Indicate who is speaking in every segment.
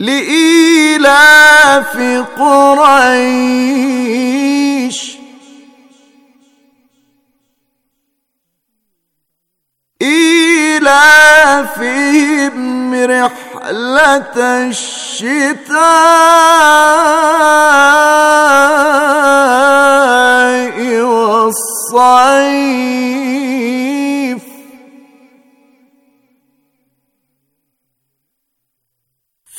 Speaker 1: لإيلاف قريش إيلافهم رحلة الشتاء والصيف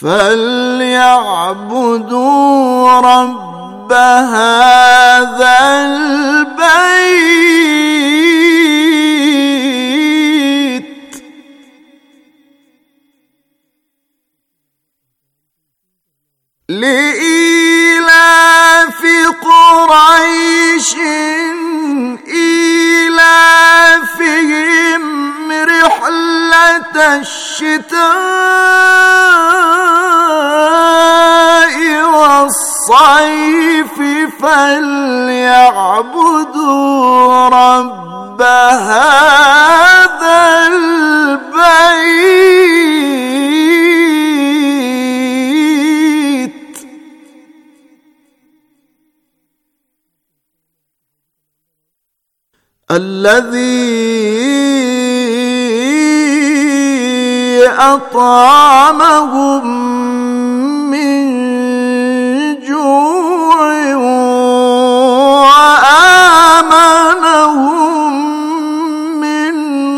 Speaker 1: فليعبدوا رب هذا البيت الذي أطعمهم من جوع وآمنهم من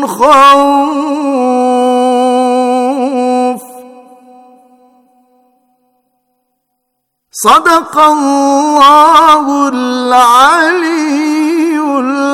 Speaker 1: خوف صدق الله العليم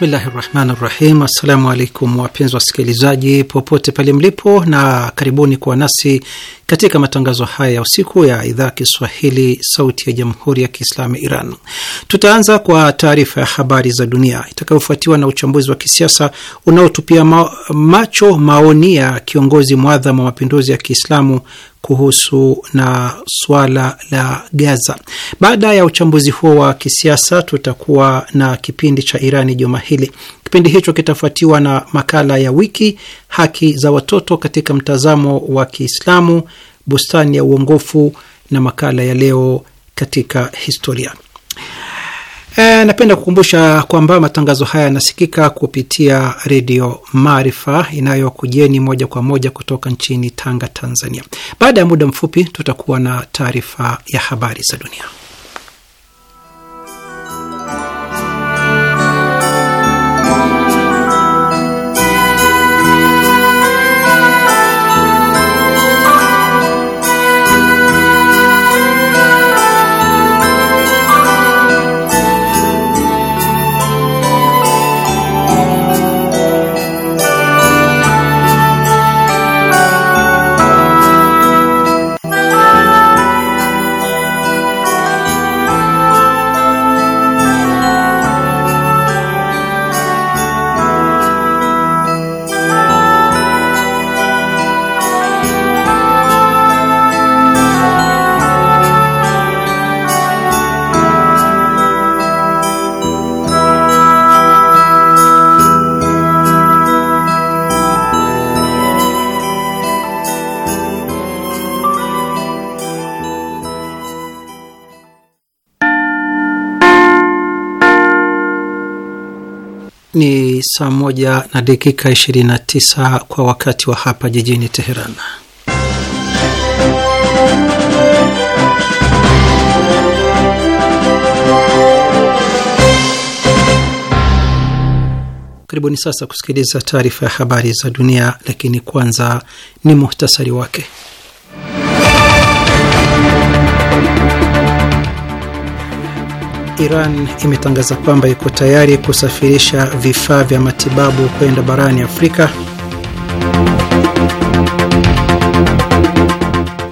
Speaker 2: Bismillahi rahmani rahim. Assalamu alaikum wapenzi wasikilizaji popote pale mlipo, na karibuni kuwa nasi katika matangazo haya ya usiku ya idhaa Kiswahili sauti ya jamhuri ya Kiislamu ya Iran. Tutaanza kwa taarifa ya habari za dunia itakayofuatiwa na uchambuzi wa kisiasa unaotupia macho maoni ya kiongozi mwadhamu wa mapinduzi ya Kiislamu kuhusu na swala la Gaza. Baada ya uchambuzi huo wa kisiasa, tutakuwa na kipindi cha Irani juma hili. Kipindi hicho kitafuatiwa na makala ya wiki, haki za watoto katika mtazamo wa Kiislamu, bustani ya uongofu na makala ya leo katika historia. E, napenda kukumbusha kwamba matangazo haya yanasikika kupitia redio Maarifa inayokujeni moja kwa moja kutoka nchini Tanga, Tanzania. Baada ya muda mfupi, tutakuwa na taarifa ya habari za dunia. saa moja na dakika 29 kwa wakati wa hapa jijini Teheran. Karibuni sasa kusikiliza taarifa ya habari za dunia, lakini kwanza ni muhtasari wake. Iran imetangaza kwamba iko tayari kusafirisha vifaa vya matibabu kwenda barani Afrika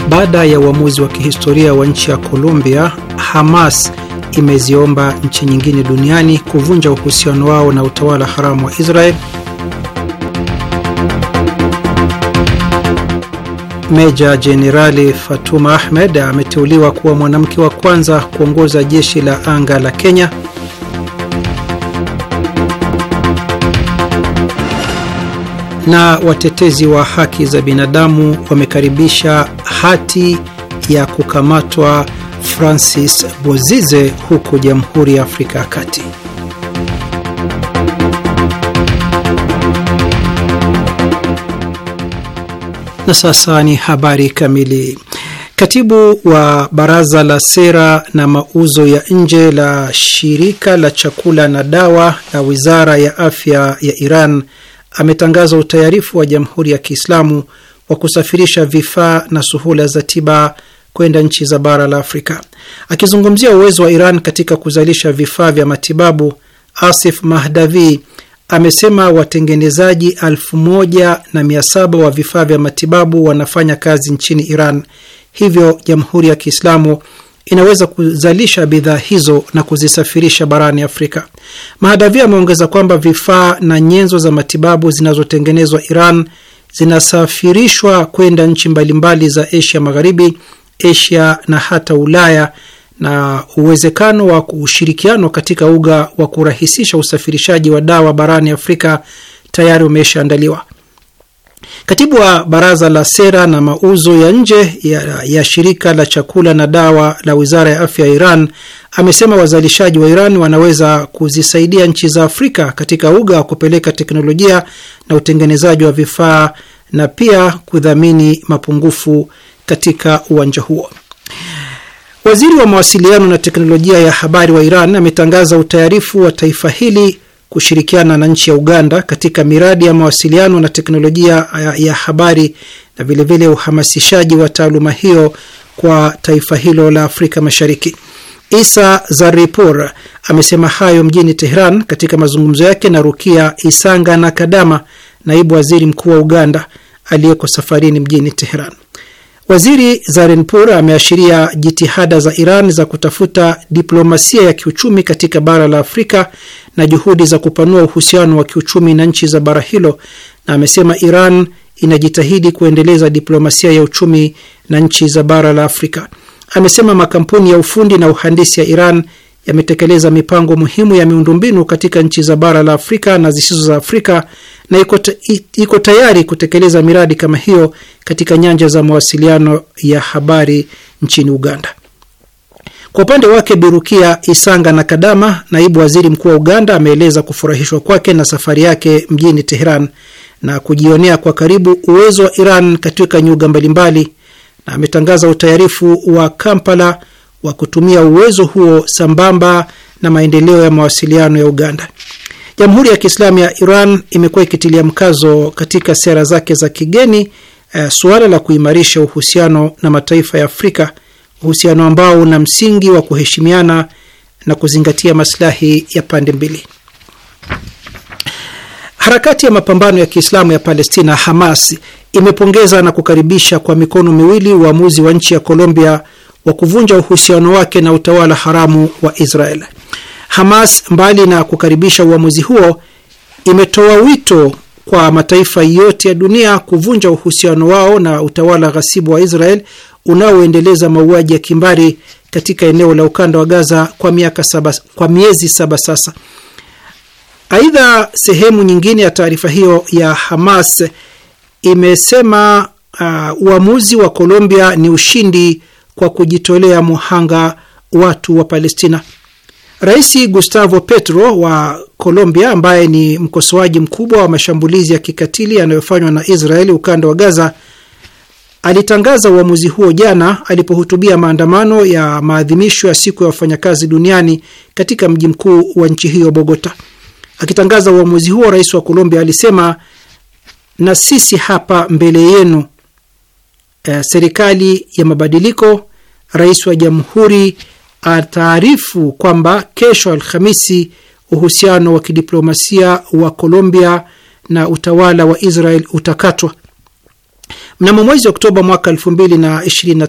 Speaker 2: baada ya uamuzi wa kihistoria wa nchi ya Colombia. Hamas imeziomba nchi nyingine duniani kuvunja uhusiano wao na utawala haramu wa Israel. Meja Jenerali Fatuma Ahmed ameteuliwa kuwa mwanamke wa kwanza kuongoza jeshi la anga la Kenya. Na watetezi wa haki za binadamu wamekaribisha hati ya kukamatwa Francis Bozize huko Jamhuri ya Afrika ya Kati. Na sasa ni habari kamili. Katibu wa baraza la sera na mauzo ya nje la shirika la chakula na dawa la wizara ya afya ya Iran ametangaza utayarifu wa Jamhuri ya Kiislamu wa kusafirisha vifaa na suhula za tiba kwenda nchi za bara la Afrika. Akizungumzia uwezo wa Iran katika kuzalisha vifaa vya matibabu, Asif Mahdavi, amesema watengenezaji elfu moja na mia saba wa vifaa vya matibabu wanafanya kazi nchini Iran, hivyo Jamhuri ya Kiislamu inaweza kuzalisha bidhaa hizo na kuzisafirisha barani Afrika. Mahadavia ameongeza kwamba vifaa na nyenzo za matibabu zinazotengenezwa Iran zinasafirishwa kwenda nchi mbalimbali za Asia Magharibi, Asia na hata Ulaya na uwezekano wa ushirikiano katika uga wa kurahisisha usafirishaji wa dawa barani Afrika tayari umeshaandaliwa. Katibu wa baraza la sera na mauzo ya nje ya, ya shirika la chakula na dawa la wizara ya afya ya Iran amesema wazalishaji wa Iran wanaweza kuzisaidia nchi za Afrika katika uga wa kupeleka teknolojia na utengenezaji wa vifaa na pia kudhamini mapungufu katika uwanja huo. Waziri wa mawasiliano na teknolojia ya habari wa Iran ametangaza utayarifu wa taifa hili kushirikiana na nchi ya Uganda katika miradi ya mawasiliano na teknolojia ya habari na vilevile uhamasishaji wa taaluma hiyo kwa taifa hilo la Afrika Mashariki. Isa Zaripur amesema hayo mjini Tehran katika mazungumzo yake na Rukia Isanga na Kadama, naibu waziri mkuu wa Uganda aliyeko safarini mjini Tehran. Waziri Zarenpur ameashiria jitihada za Iran za kutafuta diplomasia ya kiuchumi katika bara la Afrika na juhudi za kupanua uhusiano wa kiuchumi na nchi za bara hilo, na amesema Iran inajitahidi kuendeleza diplomasia ya uchumi na nchi za bara la Afrika. Amesema makampuni ya ufundi na uhandisi ya Iran yametekeleza mipango muhimu ya miundombinu katika nchi za bara la Afrika na zisizo za Afrika na iko, iko tayari kutekeleza miradi kama hiyo katika nyanja za mawasiliano ya habari nchini Uganda. Kwa upande wake Birukia Isanga na Kadama, naibu waziri mkuu wa Uganda, ameeleza kufurahishwa kwake na safari yake mjini Teheran na kujionea kwa karibu uwezo wa Iran katika nyuga mbalimbali, na ametangaza utayarifu wa Kampala wa kutumia uwezo huo sambamba na maendeleo ya mawasiliano ya Uganda. Jamhuri ya Kiislamu ya Iran imekuwa ikitilia mkazo katika sera zake za kigeni uh, suala la kuimarisha uhusiano na mataifa ya Afrika, uhusiano ambao una msingi wa kuheshimiana na kuzingatia maslahi ya pande mbili. Harakati ya mapambano ya Kiislamu ya Palestina Hamas imepongeza na kukaribisha kwa mikono miwili uamuzi wa nchi ya Colombia wa kuvunja uhusiano wake na utawala haramu wa Israel. Hamas, mbali na kukaribisha uamuzi huo, imetoa wito kwa mataifa yote ya dunia kuvunja uhusiano wao na utawala ghasibu wa Israel unaoendeleza mauaji ya kimbari katika eneo la ukanda wa Gaza kwa miaka saba, kwa miezi saba sasa. Aidha, sehemu nyingine ya taarifa hiyo ya Hamas imesema uh, uamuzi wa Colombia ni ushindi kwa kujitolea muhanga watu wa Palestina. Rais Gustavo Petro wa Colombia, ambaye ni mkosoaji mkubwa wa mashambulizi ya kikatili yanayofanywa na Israeli ukanda wa Gaza, alitangaza uamuzi huo jana alipohutubia maandamano ya maadhimisho ya siku ya wafanyakazi duniani katika mji mkuu wa nchi hiyo Bogota. Akitangaza uamuzi huo, rais wa Colombia alisema, na sisi hapa mbele yenu, eh, serikali ya mabadiliko, rais wa jamhuri ataarifu kwamba kesho Alhamisi uhusiano wa kidiplomasia wa Colombia na utawala wa Israel utakatwa. Mnamo mwezi Oktoba mwaka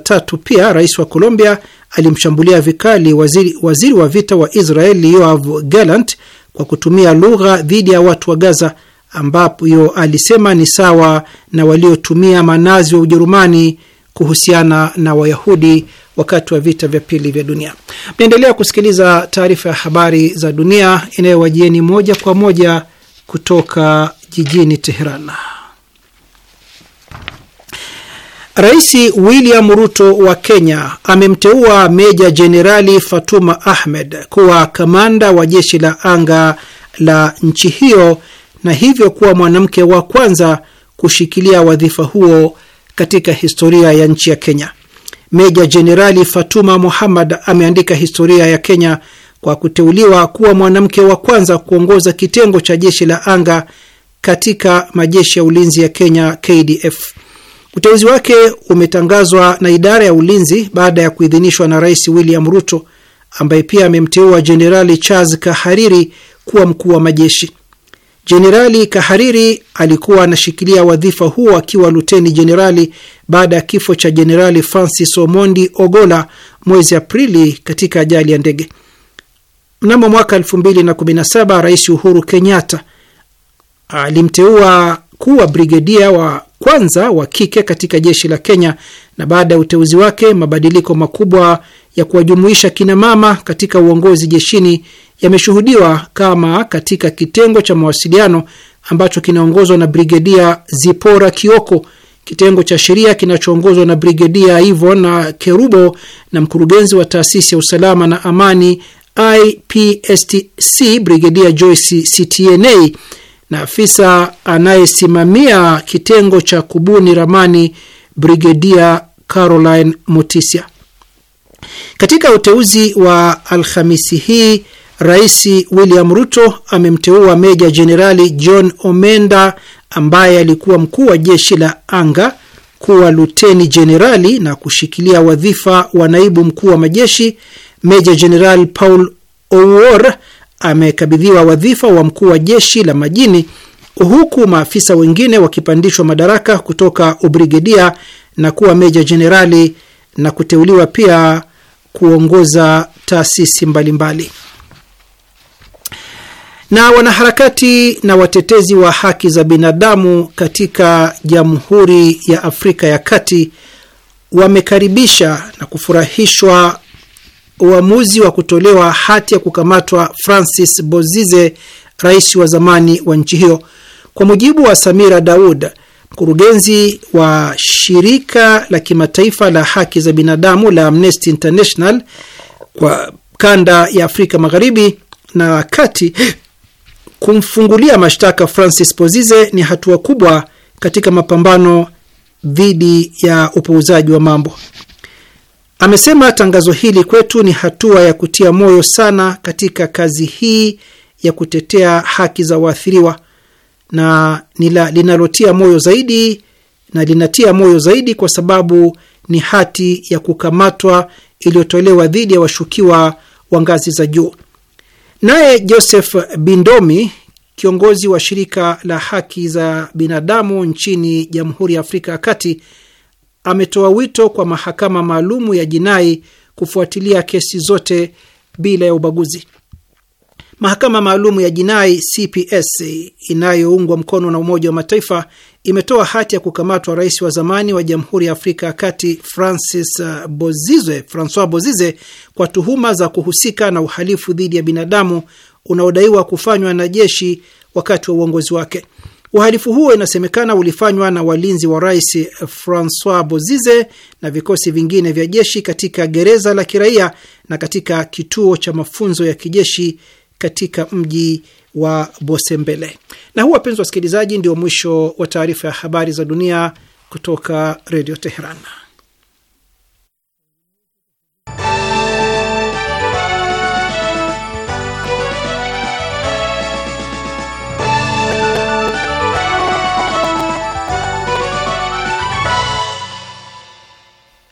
Speaker 2: tatu pia rais wa Colombia alimshambulia vikali waziri, waziri wa vita wa Israel Yoav Gallant kwa kutumia lugha dhidi ya watu wa Gaza, ambayo alisema ni sawa na waliotumia manazi wa Ujerumani kuhusiana na Wayahudi wakati wa vita vya pili vya dunia. Mnaendelea kusikiliza taarifa ya habari za dunia inayowajieni moja kwa moja kutoka jijini Teheran. Rais William Ruto wa Kenya amemteua Meja Jenerali Fatuma Ahmed kuwa kamanda wa jeshi la anga la nchi hiyo na hivyo kuwa mwanamke wa kwanza kushikilia wadhifa huo katika historia ya nchi ya Kenya. Meja Jenerali Fatuma Muhammad ameandika historia ya Kenya kwa kuteuliwa kuwa mwanamke wa kwanza kuongoza kitengo cha jeshi la anga katika majeshi ya ulinzi ya Kenya KDF. Uteuzi wake umetangazwa na idara ya ulinzi baada ya kuidhinishwa na Rais William Ruto ambaye pia amemteua Jenerali Charles Kahariri kuwa mkuu wa majeshi. Jenerali Kahariri alikuwa anashikilia wadhifa huo akiwa luteni jenerali baada ya kifo cha Jenerali Francis Omondi Ogola mwezi Aprili katika ajali ya ndege. Mnamo mwaka 2017 Rais Uhuru Kenyatta alimteua kuwa brigedia wa kwanza wa kike katika jeshi la Kenya na baada ya uteuzi wake mabadiliko makubwa ya kuwajumuisha kinamama katika uongozi jeshini yameshuhudiwa kama katika kitengo cha mawasiliano ambacho kinaongozwa na Brigedia Zipora Kioko, kitengo cha sheria kinachoongozwa na Brigedia Ivona Kerubo na mkurugenzi wa taasisi ya usalama na amani IPSTC Brigedia Joyce Ctna na afisa anayesimamia kitengo cha kubuni ramani Brigedia Caroline Mutisia. Katika uteuzi wa Alhamisi hii, Rais William Ruto amemteua Meja Jenerali John Omenda ambaye alikuwa mkuu wa jeshi la anga kuwa luteni jenerali na kushikilia wadhifa wa naibu mkuu wa majeshi. Meja Jenerali Paul Owor amekabidhiwa wadhifa wa mkuu wa jeshi la majini, huku maafisa wengine wakipandishwa madaraka kutoka ubrigedia na kuwa meja jenerali na kuteuliwa pia kuongoza taasisi mbalimbali. Na wanaharakati na watetezi wa haki za binadamu katika Jamhuri ya Afrika ya Kati wamekaribisha na kufurahishwa uamuzi wa kutolewa hati ya kukamatwa Francis Bozize, rais wa zamani wa nchi hiyo. Kwa mujibu wa Samira Daud, Mkurugenzi wa shirika la kimataifa la haki za binadamu la Amnesty International kwa kanda ya Afrika Magharibi na Kati kumfungulia mashtaka Francis pozize ni hatua kubwa katika mapambano dhidi ya upuuzaji wa mambo. Amesema tangazo hili kwetu ni hatua ya kutia moyo sana katika kazi hii ya kutetea haki za waathiriwa na nila, linalotia moyo zaidi na linatia moyo zaidi kwa sababu ni hati ya kukamatwa iliyotolewa dhidi ya washukiwa wa ngazi za juu. Naye Joseph Bindomi, kiongozi wa shirika la haki za binadamu nchini Jamhuri ya Afrika ya Kati, ametoa wito kwa mahakama maalumu ya jinai kufuatilia kesi zote bila ya ubaguzi. Mahakama maalum ya jinai CPS inayoungwa mkono na Umoja wa Mataifa imetoa hati ya kukamatwa rais wa zamani wa Jamhuri ya Afrika ya Kati Francis uh, Bozize, Francois Bozize kwa tuhuma za kuhusika na uhalifu dhidi ya binadamu unaodaiwa kufanywa na jeshi wakati wa uongozi wake. Uhalifu huo inasemekana ulifanywa na walinzi wa rais uh, Francois Bozize na vikosi vingine vya jeshi katika gereza la kiraia na katika kituo cha mafunzo ya kijeshi katika mji wa Bosembele. Na huu, wapenzi wasikilizaji, ndio mwisho wa taarifa ya habari za dunia kutoka Redio Teheran.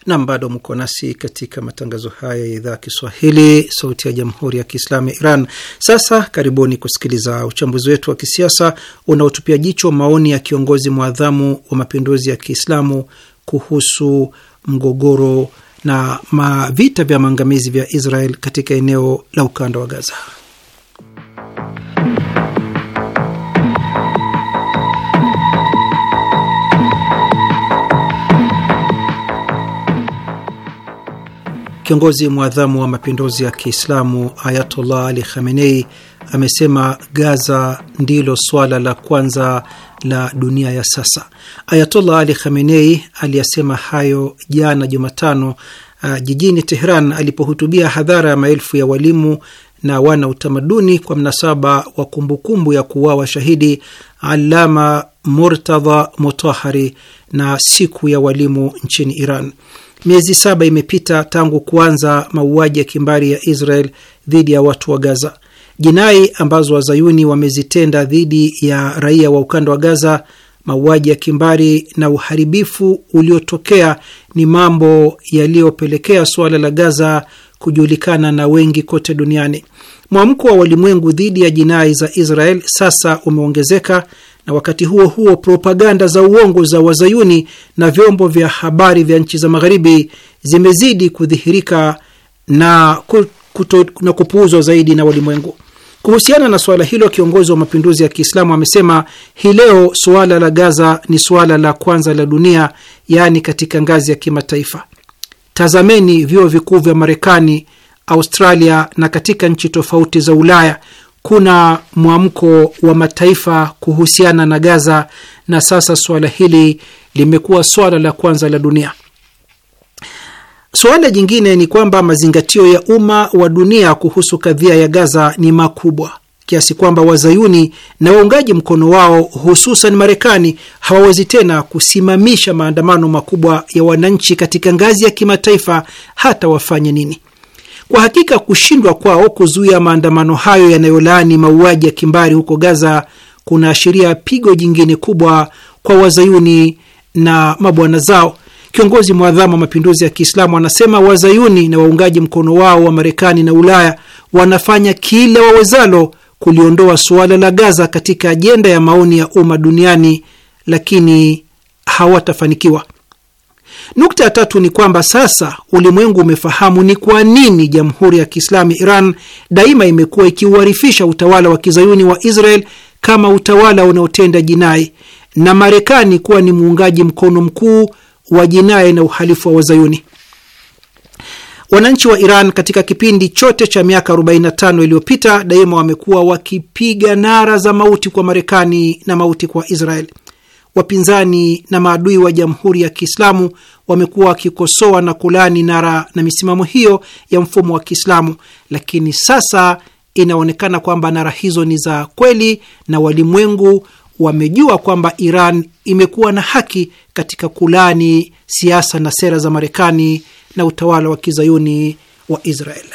Speaker 2: Nam, bado mko nasi katika matangazo haya ya idhaa ya Kiswahili, sauti ya jamhuri ya kiislamu ya Iran. Sasa karibuni kusikiliza uchambuzi wetu wa kisiasa unaotupia jicho maoni ya kiongozi mwadhamu wa mapinduzi ya Kiislamu kuhusu mgogoro na mavita vya maangamizi vya Israel katika eneo la ukanda wa Gaza. Kiongozi mwadhamu wa mapinduzi ya Kiislamu Ayatollah Ali Khamenei amesema Gaza ndilo swala la kwanza la dunia ya sasa. Ayatollah Ali Khamenei aliyasema hayo jana Jumatano uh, jijini Tehran alipohutubia hadhara ya maelfu ya walimu na wana utamaduni kwa mnasaba wa kumbukumbu ya kuuawa shahidi Alama Murtadha Mutahari na siku ya walimu nchini Iran. Miezi saba imepita tangu kuanza mauaji ya kimbari ya Israel dhidi ya watu wa Gaza. Jinai ambazo wazayuni wamezitenda dhidi ya raia wa ukanda wa Gaza, mauaji ya kimbari na uharibifu uliotokea ni mambo yaliyopelekea suala la Gaza kujulikana na wengi kote duniani. Mwamko wa walimwengu dhidi ya jinai za Israel sasa umeongezeka na wakati huo huo propaganda za uongo za wazayuni na vyombo vya habari vya nchi za magharibi zimezidi kudhihirika na, na kupuuzwa zaidi na walimwengu. Kuhusiana na suala hilo, kiongozi wa mapinduzi ya Kiislamu amesema hii leo suala la Gaza ni suala la kwanza la dunia, yaani katika ngazi ya kimataifa. Tazameni vyuo vikuu vya Marekani, Australia na katika nchi tofauti za Ulaya kuna mwamko wa mataifa kuhusiana na Gaza, na sasa suala hili limekuwa swala la kwanza la dunia. Suala jingine ni kwamba mazingatio ya umma wa dunia kuhusu kadhia ya Gaza ni makubwa kiasi kwamba wazayuni na waungaji mkono wao hususan Marekani hawawezi tena kusimamisha maandamano makubwa ya wananchi katika ngazi ya kimataifa hata wafanye nini. Kwa hakika kushindwa kwao kuzuia maandamano hayo yanayolaani mauaji ya kimbari huko Gaza kunaashiria pigo jingine kubwa kwa wazayuni na mabwana zao. Kiongozi mwadhamu wa mapinduzi ya Kiislamu anasema wazayuni na waungaji mkono wao wa Marekani na Ulaya wanafanya kile wawezalo kuliondoa suala la Gaza katika ajenda ya maoni ya umma duniani, lakini hawatafanikiwa. Nukta ya tatu ni kwamba sasa ulimwengu umefahamu ni kwa nini Jamhuri ya Kiislamu Iran daima imekuwa ikiuharifisha utawala wa kizayuni wa Israel kama utawala unaotenda jinai na Marekani kuwa ni muungaji mkono mkuu wa jinai na uhalifu wa wazayuni. Wananchi wa Iran katika kipindi chote cha miaka 45 iliyopita daima wamekuwa wakipiga nara za mauti kwa Marekani na mauti kwa Israel wapinzani na maadui wa Jamhuri ya Kiislamu wamekuwa wakikosoa na kulani nara na misimamo hiyo ya mfumo wa Kiislamu, lakini sasa inaonekana kwamba nara hizo ni za kweli na walimwengu wamejua kwamba Iran imekuwa na haki katika kulani siasa na sera za Marekani na utawala wa kizayuni wa Israel.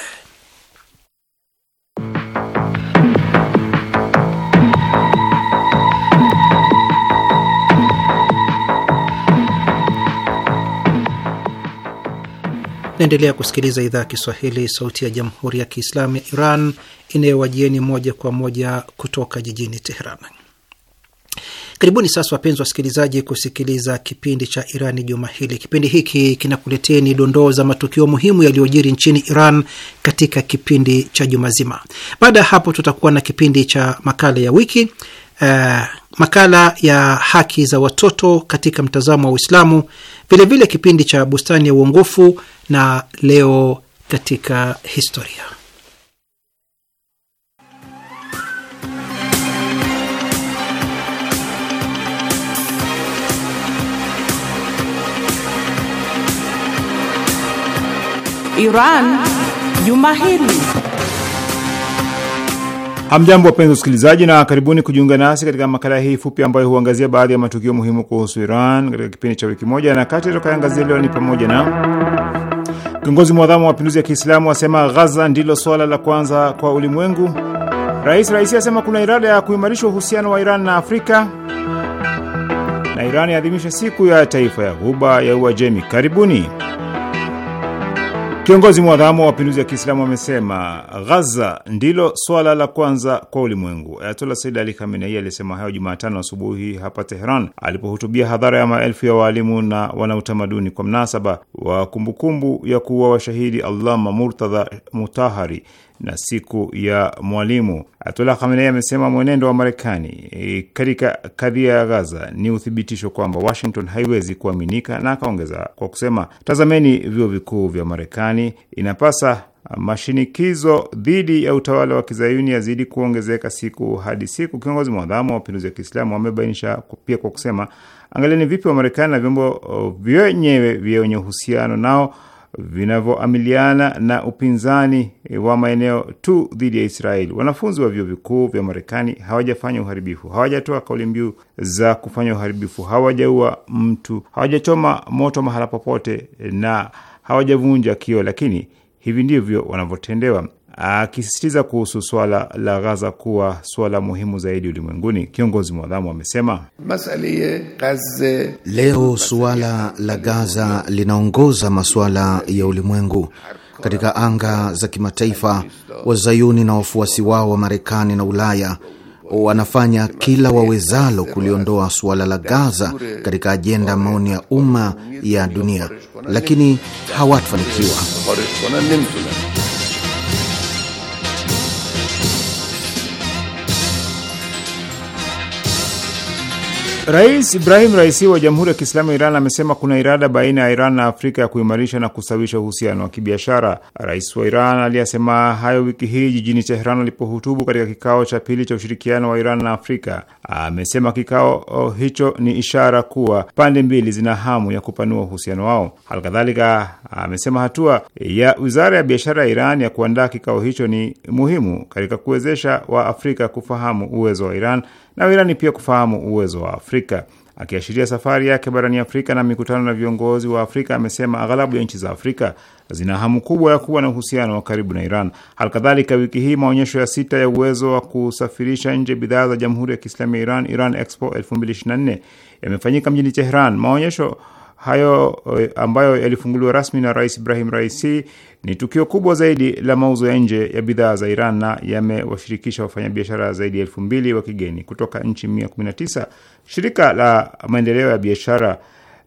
Speaker 2: Naendelea kusikiliza idhaa ya Kiswahili, sauti ya jamhuri ya kiislamu ya Iran inayowajieni moja kwa moja kutoka jijini Teheran. Karibuni sasa wapenzi wasikilizaji, kusikiliza kipindi cha Irani juma hili. Kipindi hiki kinakuleteni dondoo za matukio muhimu yaliyojiri nchini Iran katika kipindi cha juma zima. Baada ya hapo, tutakuwa na kipindi cha makala ya wiki uh, makala ya haki za watoto katika mtazamo wa Uislamu, vilevile kipindi cha bustani ya uongofu na leo katika historia. Iran juma hili.
Speaker 3: Hamjambo, wapenzi wasikilizaji, na karibuni kujiunga nasi katika makala hii fupi ambayo huangazia baadhi ya matukio muhimu kuhusu Iran katika kipindi cha wiki moja, na kati tutakayoangazia leo ni pamoja na kiongozi mwadhamu wa mapinduzi ya Kiislamu asema Ghaza ndilo swala la kwanza kwa ulimwengu. Rais Raisi asema kuna irada ya kuimarisha uhusiano wa Iran na Afrika, na Iran yaadhimisha siku ya taifa ya Ghuba ya Uajemi. Karibuni. Kiongozi mwadhamu wa mapinduzi ya Kiislamu amesema Ghaza ndilo swala la kwanza kwa ulimwengu. Ayatola Said Ali Khamenei alisema hayo Jumatano asubuhi hapa Teheran alipohutubia hadhara ya maelfu ya waalimu na wanautamaduni kwa mnasaba wa kumbukumbu ya kuwa washahidi Allama Murtadha Mutahari, na siku ya mwalimu. Ayatullah Khamenei amesema mwenendo wa Marekani e, katika kadhia ya Gaza ni uthibitisho kwamba Washington haiwezi kuaminika, na akaongeza kwa kusema, tazameni vyuo vikuu vya Marekani, inapasa mashinikizo dhidi ya utawala wa kizayuni yazidi kuongezeka siku hadi siku. Kiongozi mwadhamu wa mapinduzi ya Kiislamu amebainisha pia kwa kusema, angalieni vipi Wamarekani na vyombo vyenyewe vyenye uhusiano nao vinavyoamiliana na upinzani e, wa maeneo tu dhidi ya Israeli. Wanafunzi wa vyuo vikuu vya Marekani hawajafanya uharibifu, hawajatoa kauli mbiu za kufanya uharibifu, hawajaua mtu, hawajachoma moto mahala popote na hawajavunja kio, lakini hivi ndivyo wanavyotendewa akisisitiza kuhusu swala la Ghaza kuwa swala muhimu zaidi ulimwenguni. Kiongozi mwadhamu amesema
Speaker 4: leo suala la Gaza linaongoza masuala ya ulimwengu katika anga za kimataifa. Wazayuni na wafuasi wao wa Marekani na Ulaya wanafanya kila wawezalo kuliondoa suala la Gaza katika ajenda maoni ya umma ya dunia, lakini hawatafanikiwa.
Speaker 3: Rais Ibrahim Raisi wa Jamhuri ya Kiislamu ya Iran amesema kuna irada baina ya Iran na Afrika ya kuimarisha na kusawisha uhusiano wa kibiashara. Rais wa Iran aliyasema hayo wiki hii jijini Tehran alipohutubu katika kikao cha pili cha ushirikiano wa Iran na Afrika. Amesema kikao oh, hicho ni ishara kuwa pande mbili zina hamu ya kupanua uhusiano wao. Halikadhalika amesema hatua ya Wizara ya Biashara ya Iran ya kuandaa kikao hicho ni muhimu katika kuwezesha Waafrika kufahamu uwezo wa Iran na Wairani pia kufahamu uwezo wa Afrika. Akiashiria safari yake barani Afrika na mikutano na viongozi wa Afrika, amesema aghalabu ya nchi za Afrika zina hamu kubwa ya kuwa na uhusiano wa karibu na Iran. Halikadhalika, wiki hii maonyesho ya sita ya uwezo wa kusafirisha nje bidhaa za Jamhuri ya Kiislamu ya Iran, Iran Expo 2024 yamefanyika mjini Tehran. Maonyesho hayo eh, ambayo yalifunguliwa rasmi na Rais Ibrahim Raisi ni tukio kubwa zaidi la mauzo ya nje ya bidhaa za Iran na yamewashirikisha wafanyabiashara zaidi ya elfu mbili wa kigeni kutoka nchi 119. Shirika la maendeleo ya biashara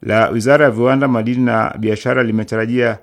Speaker 3: la wizara ya viwanda, madini na biashara limetarajia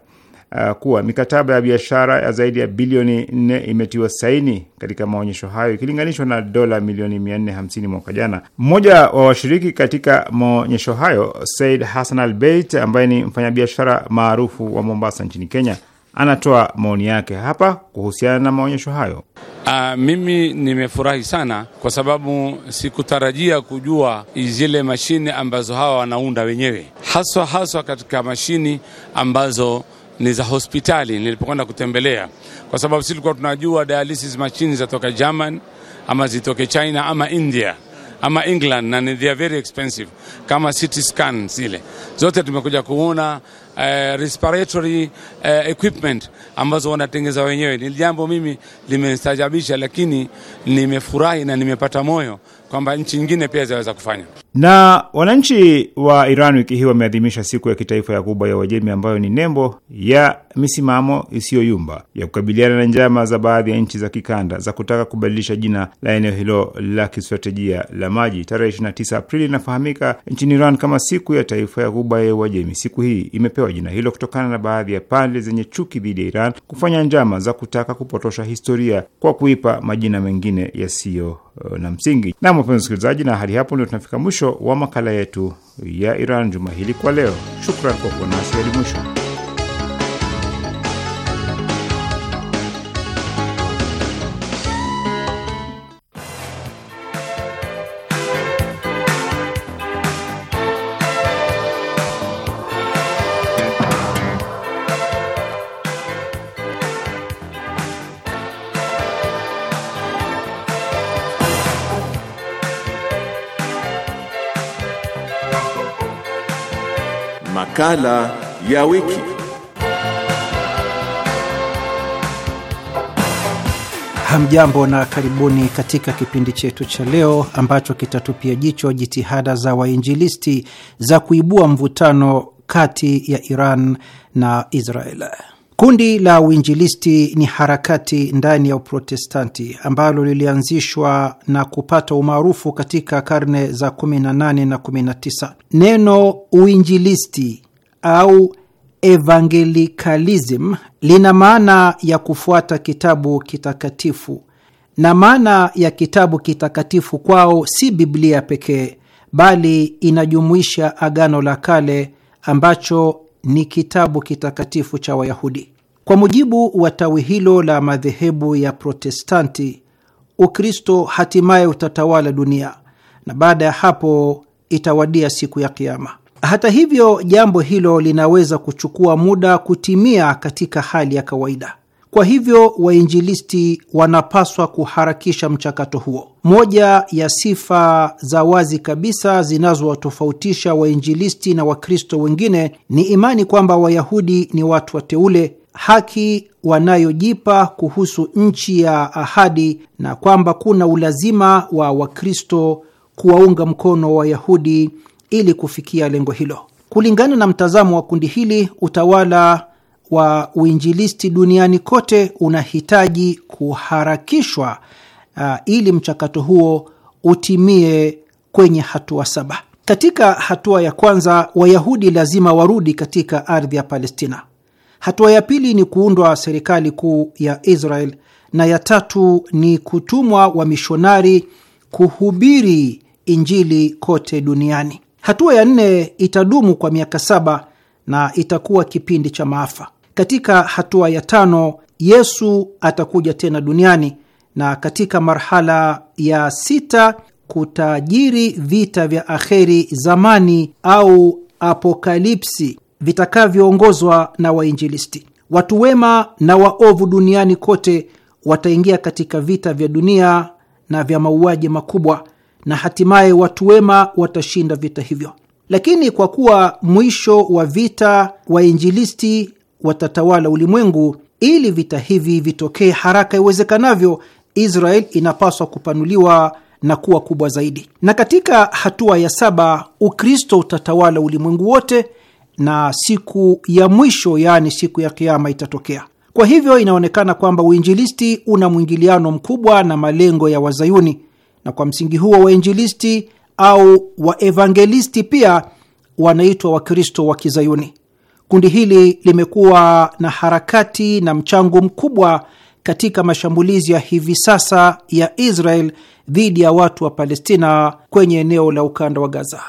Speaker 3: uh, kuwa mikataba ya biashara ya zaidi ya bilioni 4 imetiwa saini katika maonyesho hayo ikilinganishwa na dola milioni 450 mwaka jana. Mmoja wa washiriki katika maonyesho hayo Said Hassan Albeit, ambaye ni mfanyabiashara maarufu wa Mombasa nchini Kenya, anatoa maoni yake hapa kuhusiana na maonyesho hayo. Aa, ah, mimi nimefurahi sana kwa sababu sikutarajia kujua zile mashine ambazo hawa wanaunda wenyewe, haswa haswa katika mashini ambazo ni za hospitali nilipokwenda kutembelea, kwa sababu si tulikuwa tunajua dialysis machine zatoka German ama zitoke China ama India ama England, na they are very expensive kama CT scan zile zote tumekuja kuona Eh, respiratory uh, equipment ambazo wanatengeza wenyewe. Ni jambo mimi limestajabisha, lakini nimefurahi na nimepata moyo kwamba nchi nyingine pia zinaweza kufanya. Na wananchi wa Iran wiki hii wameadhimisha siku ya kitaifa ya kubwa ya Uajemi, ambayo ni nembo ya misimamo isiyoyumba ya kukabiliana na njama za baadhi ya nchi za kikanda za kutaka kubadilisha jina la eneo hilo la kistratejia la maji. Tarehe 29 Aprili inafahamika nchini Iran kama siku ya taifa ya kubwa ya Uajemi. Siku hii imepewa jina hilo kutokana na baadhi ya pande zenye chuki dhidi ya Iran kufanya njama za kutaka kupotosha historia kwa kuipa majina mengine yasiyo na msingi. Nam wapenzi na hadi hapo ndio tunafika mwisho mwisho wa makala yetu ya Iran juma hili kwa leo. Shukran kwa kuwa nasi hadi mwisho.
Speaker 5: Makala ya wiki.
Speaker 2: Hamjambo na karibuni katika kipindi chetu cha leo ambacho kitatupia jicho jitihada za wainjilisti za kuibua mvutano kati ya Iran na Israel. Kundi la uinjilisti ni harakati ndani ya Uprotestanti ambalo lilianzishwa na kupata umaarufu katika karne za 18 na 19. Neno uinjilisti au evangelicalism lina maana ya kufuata kitabu kitakatifu, na maana ya kitabu kitakatifu kwao si Biblia pekee, bali inajumuisha Agano la Kale ambacho ni kitabu kitakatifu cha Wayahudi. Kwa mujibu wa tawi hilo la madhehebu ya Protestanti, Ukristo hatimaye utatawala dunia na baada ya hapo itawadia siku ya Kiama. Hata hivyo, jambo hilo linaweza kuchukua muda kutimia katika hali ya kawaida. Kwa hivyo wainjilisti wanapaswa kuharakisha mchakato huo. Moja ya sifa za wazi kabisa zinazowatofautisha wainjilisti na Wakristo wengine ni imani kwamba Wayahudi ni watu wateule, haki wanayojipa kuhusu nchi ya ahadi, na kwamba kuna ulazima wa Wakristo kuwaunga mkono Wayahudi ili kufikia lengo hilo. Kulingana na mtazamo wa kundi hili, utawala wa uinjilisti duniani kote unahitaji kuharakishwa uh, ili mchakato huo utimie kwenye hatua saba. Katika hatua ya kwanza, Wayahudi lazima warudi katika ardhi ya Palestina. Hatua ya pili ni kuundwa serikali kuu ya Israel, na ya tatu ni kutumwa wamishonari kuhubiri Injili kote duniani. Hatua ya nne itadumu kwa miaka saba na itakuwa kipindi cha maafa. Katika hatua ya tano Yesu atakuja tena duniani, na katika marhala ya sita kutajiri vita vya akheri zamani au apokalipsi vitakavyoongozwa na wainjilisti. Watu wema na waovu duniani kote wataingia katika vita vya dunia na vya mauaji makubwa na hatimaye watu wema watashinda vita hivyo. Lakini kwa kuwa mwisho wa vita wainjilisti watatawala ulimwengu, ili vita hivi vitokee haraka iwezekanavyo, Israel inapaswa kupanuliwa na kuwa kubwa zaidi. Na katika hatua ya saba, Ukristo utatawala ulimwengu wote na siku ya mwisho, yaani siku ya kiama itatokea. Kwa hivyo inaonekana kwamba uinjilisti una mwingiliano mkubwa na malengo ya Wazayuni na kwa msingi huo wainjilisti au waevangelisti pia wanaitwa Wakristo wa Kizayuni. Kundi hili limekuwa na harakati na mchango mkubwa katika mashambulizi ya hivi sasa ya Israel dhidi ya watu wa Palestina kwenye eneo la ukanda wa Gaza.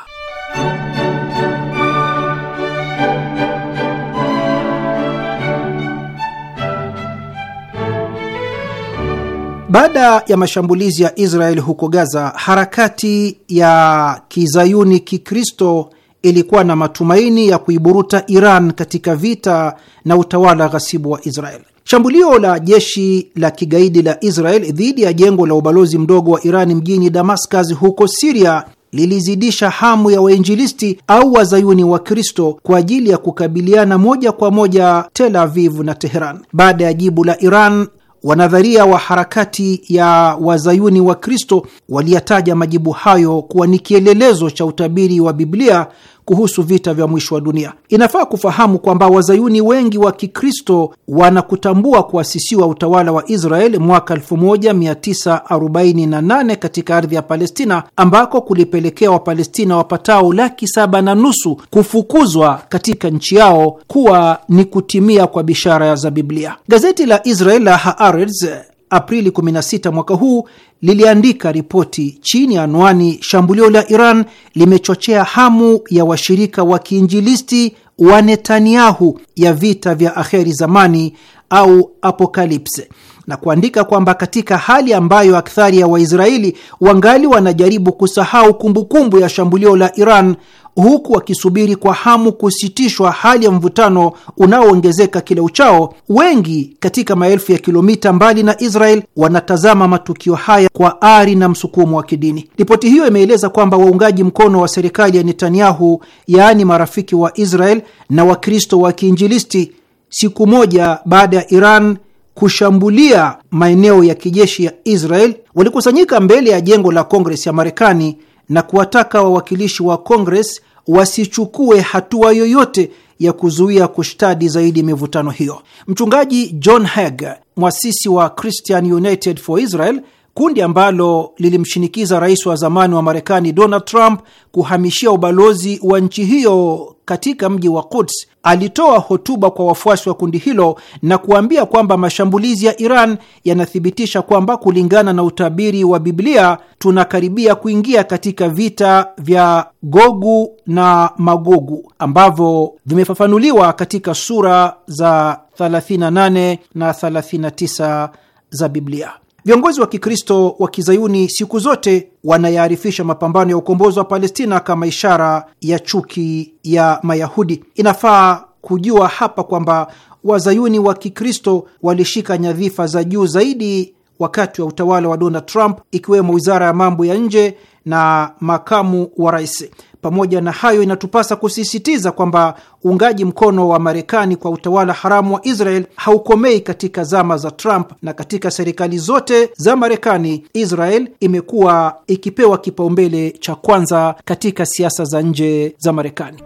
Speaker 2: Baada ya mashambulizi ya Israel huko Gaza, harakati ya kizayuni kikristo ilikuwa na matumaini ya kuiburuta Iran katika vita na utawala ghasibu wa Israel. Shambulio la jeshi la kigaidi la Israel dhidi ya jengo la ubalozi mdogo wa Iran mjini Damascus huko Siria lilizidisha hamu ya wainjilisti au wazayuni wa Kristo kwa ajili ya kukabiliana moja kwa moja Tel Aviv na Teheran. Baada ya jibu la Iran Wanadharia wa harakati ya wazayuni wa Kristo waliyataja majibu hayo kuwa ni kielelezo cha utabiri wa Biblia kuhusu vita vya mwisho wa dunia. Inafaa kufahamu kwamba wazayuni wengi wa Kikristo wanakutambua kuasisiwa utawala wa Israel mwaka 1948 katika ardhi ya Palestina, ambako kulipelekea Wapalestina wapatao laki saba na nusu kufukuzwa katika nchi yao, kuwa ni kutimia kwa bishara za Biblia. Gazeti la Israel la Haaretz Aprili 16 mwaka huu liliandika ripoti chini ya anwani shambulio la Iran limechochea hamu ya washirika wa kiinjilisti wa Netanyahu ya vita vya akheri zamani au apokalipse na kuandika kwamba katika hali ambayo akthari ya Waisraeli wangali wanajaribu kusahau kumbukumbu ya shambulio la Iran, huku wakisubiri kwa hamu kusitishwa hali ya mvutano unaoongezeka kila uchao. Wengi katika maelfu ya kilomita mbali na Israel wanatazama matukio haya kwa ari na msukumo wa kidini. Ripoti hiyo imeeleza kwamba waungaji mkono wa serikali ya Netanyahu, yaani marafiki wa Israel na Wakristo wa kiinjilisti, siku moja baada ya Iran kushambulia maeneo ya kijeshi ya Israel, walikusanyika mbele ya jengo la Kongres ya Marekani na kuwataka wawakilishi wa Kongres wasichukue hatua yoyote ya kuzuia kushtadi zaidi mivutano hiyo. Mchungaji John Hagg, mwasisi wa Christian United for Israel, kundi ambalo lilimshinikiza rais wa zamani wa Marekani Donald Trump kuhamishia ubalozi wa nchi hiyo katika mji wa Quds alitoa hotuba kwa wafuasi wa kundi hilo na kuambia kwamba mashambulizi ya Iran yanathibitisha kwamba kulingana na utabiri wa Biblia tunakaribia kuingia katika vita vya Gogu na Magogu ambavyo vimefafanuliwa katika sura za 38 na 39 za Biblia. Viongozi wa Kikristo wa Kizayuni siku zote wanayaarifisha mapambano ya ukombozi wa Palestina kama ishara ya chuki ya Mayahudi. Inafaa kujua hapa kwamba Wazayuni wa Kikristo walishika nyadhifa za juu zaidi wakati wa utawala wa Donald Trump, ikiwemo wizara ya mambo ya nje na makamu wa rais. Pamoja na hayo, inatupasa kusisitiza kwamba uungaji mkono wa Marekani kwa utawala haramu wa Israel haukomei katika zama za Trump, na katika serikali zote za Marekani Israel imekuwa ikipewa kipaumbele cha kwanza katika siasa za nje za Marekani.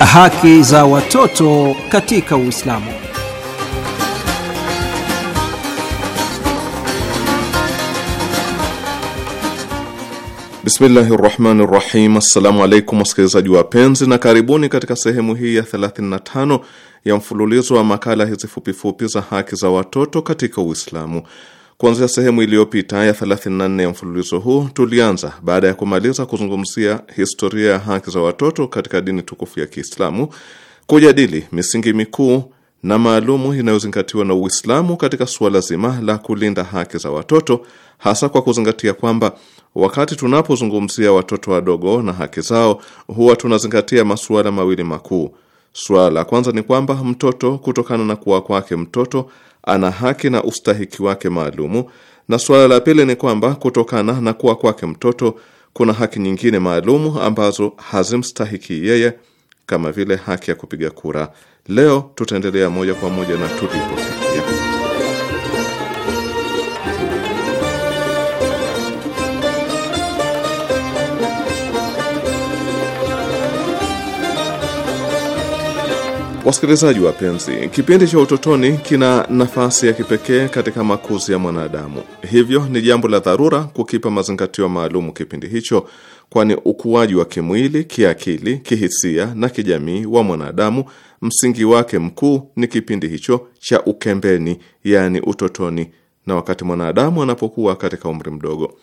Speaker 2: Haki za watoto katika Uislamu.
Speaker 5: Bismillahi rahmani rahim. Assalamu alaikum wasikilizaji wapenzi, na karibuni katika sehemu hii ya 35 ya mfululizo wa makala hizi fupifupi za haki za watoto katika Uislamu. Kuanzia sehemu iliyopita ya 34 ya mfululizo huu tulianza baada ya kumaliza kuzungumzia historia ya haki za watoto katika dini tukufu ya Kiislamu, kujadili misingi mikuu na maalumu inayozingatiwa na Uislamu katika suala zima la kulinda haki za watoto, hasa kwa kuzingatia kwamba wakati tunapozungumzia watoto wadogo na haki zao, huwa tunazingatia masuala mawili makuu: Suala la kwanza ni kwamba mtoto kutokana na kuwa kwake mtoto ana haki na ustahiki wake maalumu, na suala la pili ni kwamba kutokana na kuwa kwake mtoto kuna haki nyingine maalumu ambazo hazimstahiki yeye kama vile haki ya kupiga kura. Leo tutaendelea moja kwa moja na tulipofikia. Wasikilizaji wapenzi, kipindi cha utotoni kina nafasi ya kipekee katika makuzi ya mwanadamu, hivyo ni jambo la dharura kukipa mazingatio maalumu kipindi hicho, kwani ukuaji wa kimwili, kiakili, kihisia na kijamii wa mwanadamu msingi wake mkuu ni kipindi hicho cha ukembeni, yaani utotoni, na wakati mwanadamu anapokuwa katika umri mdogo,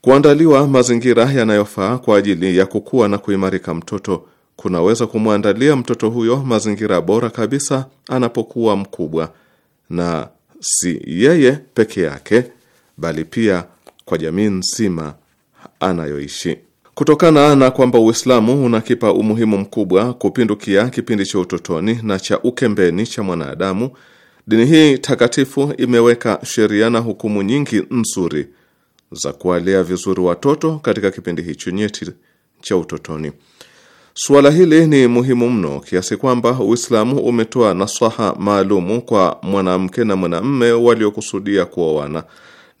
Speaker 5: kuandaliwa mazingira yanayofaa kwa ajili ya kukua na kuimarika mtoto kunaweza kumwandalia mtoto huyo mazingira bora kabisa anapokuwa mkubwa, na si yeye peke yake, bali pia kwa jamii nzima anayoishi. Kutokana na kwamba Uislamu unakipa umuhimu mkubwa kupindukia kipindi cha utotoni na cha ukembeni cha mwanadamu, dini hii takatifu imeweka sheria na hukumu nyingi nzuri za kuwalea vizuri watoto katika kipindi hicho nyeti cha utotoni. Suala hili ni muhimu mno kiasi kwamba Uislamu umetoa nasaha maalumu kwa mwanamke na mwanamme waliokusudia kuoana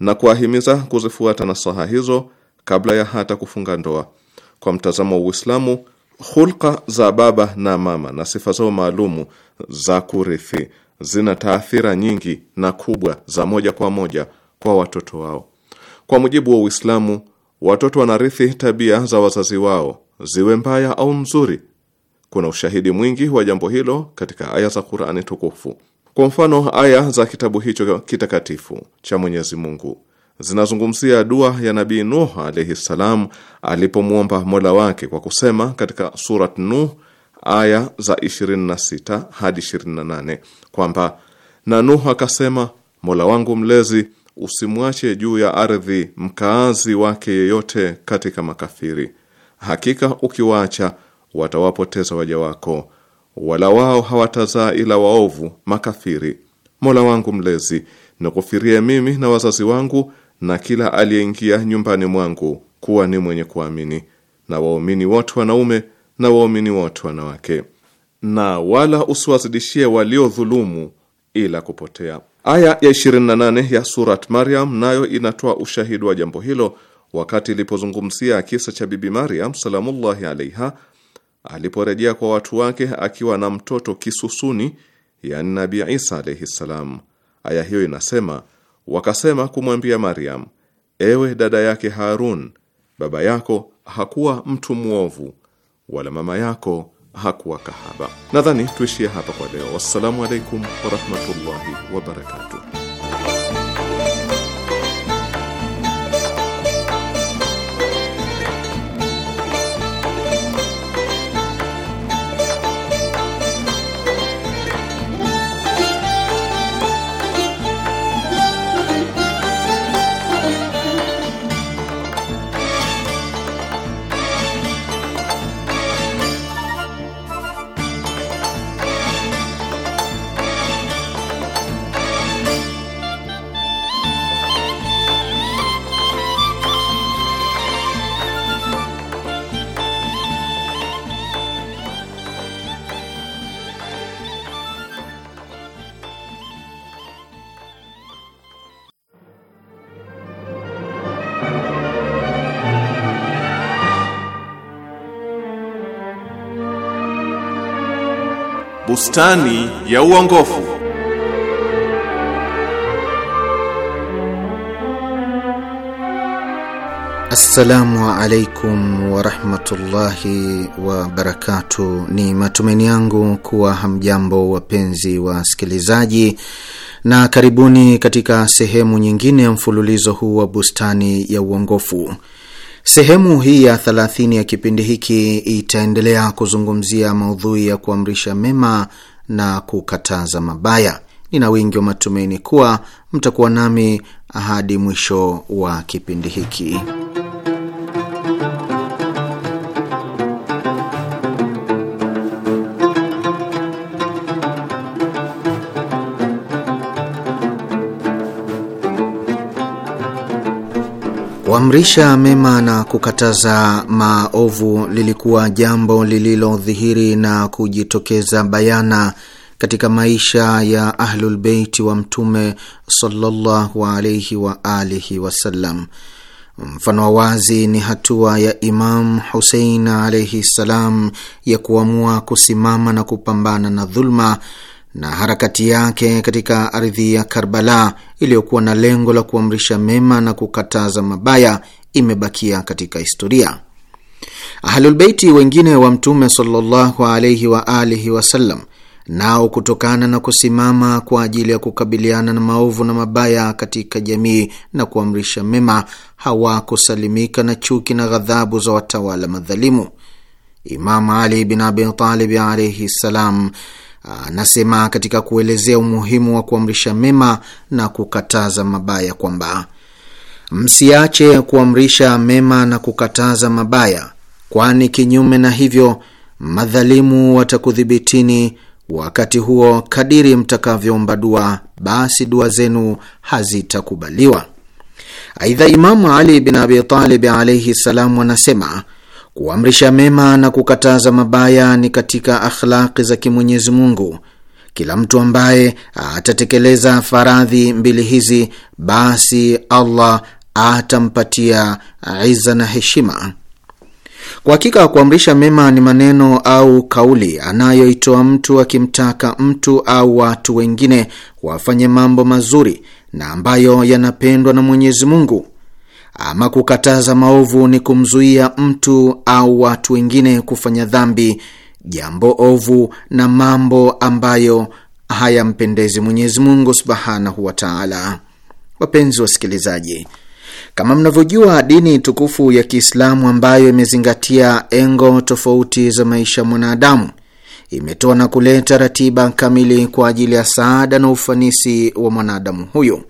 Speaker 5: na kuwahimiza kuzifuata nasaha hizo kabla ya hata kufunga ndoa. Kwa mtazamo wa Uislamu, hulka za baba na mama na sifa zao maalumu za kurithi zina taathira nyingi na kubwa za moja kwa moja kwa watoto wao. Kwa mujibu wa Uislamu, watoto wanarithi tabia za wazazi wao ziwe mbaya au nzuri. Kuna ushahidi mwingi wa jambo hilo katika aya za Qur'ani tukufu. Kwa mfano, aya za kitabu hicho kitakatifu cha Mwenyezi Mungu zinazungumzia dua ya Nabii Nuh alayhi salam alipomwomba Mola wake kwa kusema katika surat Nuh aya za 26 hadi 28 kwamba na Nuh akasema, Mola wangu mlezi, usimwache juu ya ardhi mkaazi wake yeyote katika makafiri Hakika ukiwaacha watawapoteza waja wako, wala wao hawatazaa ila waovu makafiri. Mola wangu mlezi, nikufirie mimi na wazazi wangu na kila aliyeingia nyumbani mwangu kuwa ni mwenye kuamini, na waumini wote wanaume na waumini wote wanawake, na wala usiwazidishie waliodhulumu ila kupotea. Aya ya 28 ya Surat Maryam nayo inatoa ushahidi wa jambo hilo wakati ilipozungumzia kisa cha Bibi Maryam salamullahi alaiha aliporejea kwa watu wake akiwa na mtoto kisusuni, yani Nabii Isa alaihi ssalam. Aya hiyo inasema, wakasema kumwambia Maryam, ewe dada yake Harun, baba yako hakuwa mtu mwovu wala mama yako hakuwa kahaba. Nadhani tuishie hapa kwa leo. Wassalamu alaikum warahmatullahi wabarakatuh. Bustani ya uongofu.
Speaker 4: Assalamu alaikum warahmatullahi wabarakatuh. Ni matumaini yangu kuwa hamjambo wapenzi wa sikilizaji, na karibuni katika sehemu nyingine ya mfululizo huu wa Bustani ya Uongofu. Sehemu hii ya thelathini ya kipindi hiki itaendelea kuzungumzia maudhui ya kuamrisha mema na kukataza mabaya. Nina wingi wa matumaini kuwa mtakuwa nami hadi mwisho wa kipindi hiki. Kuamrisha mema na kukataza maovu lilikuwa jambo lililodhihiri na kujitokeza bayana katika maisha ya Ahlulbeiti wa Mtume sallallahu alaihi wa alihi wasallam. Mfano wa wazi ni hatua ya Imam Husein alaihi ssalam ya kuamua kusimama na kupambana na dhulma na harakati yake katika ardhi ya Karbala iliyokuwa na lengo la kuamrisha mema na kukataza mabaya imebakia katika historia. Ahlulbeiti wengine wa Mtume sallallahu alaihi wa alihi wasallam nao kutokana na kusimama kwa ajili ya kukabiliana na maovu na mabaya katika jamii na kuamrisha mema, hawakusalimika na chuki na ghadhabu za watawala madhalimu. Imamu Ali bin Abi Talib alaihi ssalam Anasema katika kuelezea umuhimu wa kuamrisha mema na kukataza mabaya kwamba msiache kuamrisha mema na kukataza mabaya, kwani kinyume na hivyo madhalimu watakudhibitini wakati huo kadiri mtakavyoomba dua, basi dua zenu hazitakubaliwa. Aidha, Imamu Ali bin Abi Talib alaihi salam anasema Kuamrisha mema na kukataza mabaya ni katika akhlaqi za kimwenyezi Mungu. Kila mtu ambaye atatekeleza faradhi mbili hizi, basi Allah atampatia iza na heshima. Kwa hakika kuamrisha mema ni maneno au kauli anayoitoa mtu akimtaka mtu au watu wengine wafanye mambo mazuri na ambayo yanapendwa na Mwenyezi Mungu. Ama kukataza maovu ni kumzuia mtu au watu wengine kufanya dhambi, jambo ovu na mambo ambayo hayampendezi Mwenyezi Mungu subhanahu wa taala. Wapenzi wasikilizaji, kama mnavyojua, dini tukufu ya Kiislamu ambayo imezingatia engo tofauti za maisha ya mwanadamu imetoa na kuleta ratiba kamili kwa ajili ya saada na ufanisi wa mwanadamu huyo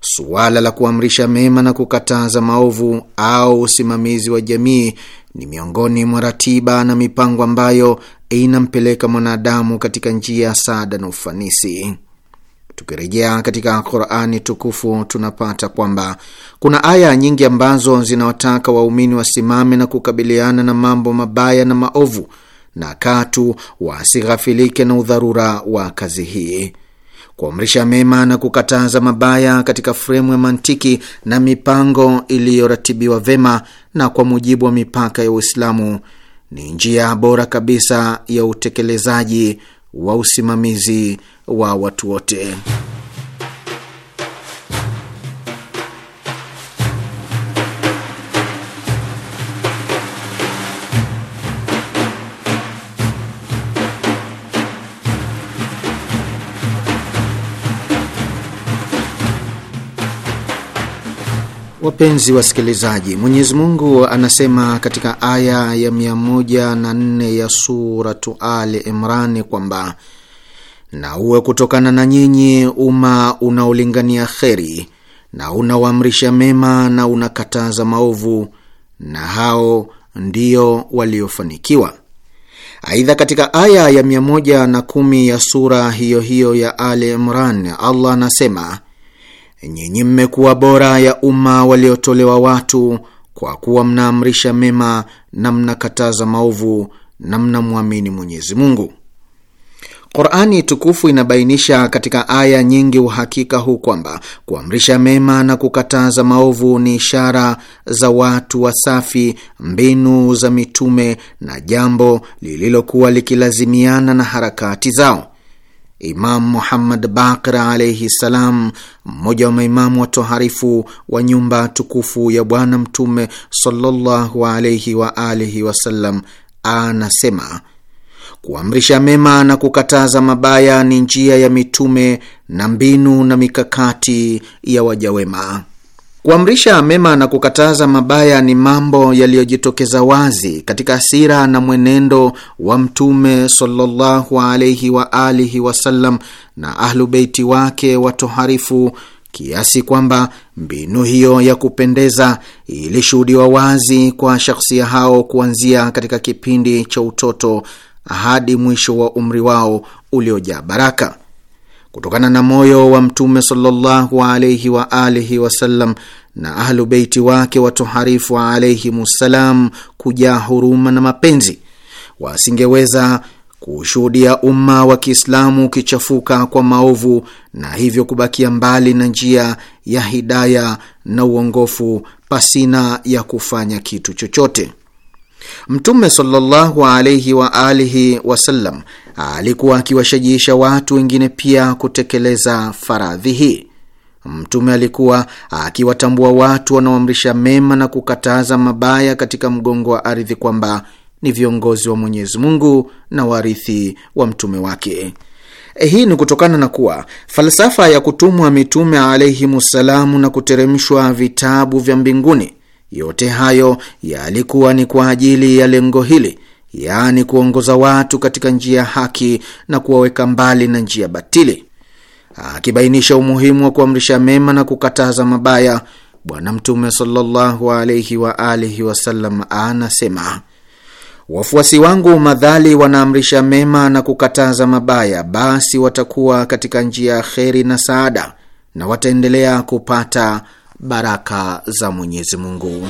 Speaker 4: suala la kuamrisha mema na kukataza maovu au usimamizi wa jamii ni miongoni mwa ratiba na mipango ambayo inampeleka mwanadamu katika njia ya saada na ufanisi. Tukirejea katika Qurani tukufu tunapata kwamba kuna aya nyingi ambazo zinawataka waumini wasimame na kukabiliana na mambo mabaya na maovu, na katu wasighafilike na udharura wa kazi hii kuamrisha mema na kukataza mabaya katika fremu ya mantiki na mipango iliyoratibiwa vema na kwa mujibu wa mipaka ya Uislamu ni njia bora kabisa ya utekelezaji wa usimamizi wa watu wote. Wapenzi wasikilizaji, Mwenyezi Mungu anasema katika aya ya 104 ya Suratu Ali Imrani kwamba na uwe kutokana na nyinyi umma unaolingania kheri na unaoamrisha mema na unakataza maovu, na hao ndio waliofanikiwa. Aidha, katika aya ya 110 ya sura hiyo hiyo ya Ali Imran, Allah anasema nyinyi mmekuwa bora ya umma waliotolewa watu, kwa kuwa mnaamrisha mema na mnakataza maovu na mnamwamini Mwenyezi Mungu. Qurani tukufu inabainisha katika aya nyingi uhakika huu kwamba kuamrisha mema na kukataza maovu ni ishara za watu wasafi, mbinu za mitume na jambo lililokuwa likilazimiana na harakati zao. Imam Muhammad Baqir alaihi ssalam mmoja wa maimamu watoharifu wa nyumba tukufu ya Bwana Mtume sallallahu alaihi wa alihi wasallam, anasema kuamrisha mema na kukataza mabaya ni njia ya mitume na mbinu na mikakati ya wajawema. Kuamrisha mema na kukataza mabaya ni mambo yaliyojitokeza wazi katika sira na mwenendo wa Mtume sallallahu alaihi wa alihi wasallam na ahlubeiti wake watoharifu kiasi kwamba mbinu hiyo ya kupendeza ilishuhudiwa wazi kwa shakhsia hao kuanzia katika kipindi cha utoto hadi mwisho wa umri wao uliojaa baraka kutokana na moyo wa Mtume sallallahu alaihi wa alihi wasallam na Ahlu Beiti wake watoharifu alaihimussalam kujaa huruma na mapenzi, wasingeweza kushuhudia umma wa Kiislamu ukichafuka kwa maovu na hivyo kubakia mbali na njia ya hidaya na uongofu pasina ya kufanya kitu chochote. Mtume sallallahu alaihi wa alihi wasallam alikuwa akiwashajiisha watu wengine pia kutekeleza faradhi hii. Mtume alikuwa akiwatambua watu wanaoamrisha mema na kukataza mabaya katika mgongo wa ardhi kwamba ni viongozi wa Mwenyezi Mungu na warithi wa mtume wake. Hii ni kutokana na kuwa falsafa ya kutumwa mitume alaihimussalamu na kuteremshwa vitabu vya mbinguni yote hayo yalikuwa ni kwa ajili ya lengo hili, yaani kuongoza watu katika njia ya haki na kuwaweka mbali na njia batili. Akibainisha umuhimu wa kuamrisha mema na kukataza mabaya, Bwana Mtume sallallahu alaihi wa alihi wasallam anasema Wafuasi wangu madhali wanaamrisha mema na kukataza mabaya, basi watakuwa katika njia ya kheri na saada na wataendelea kupata baraka za Mwenyezi Mungu.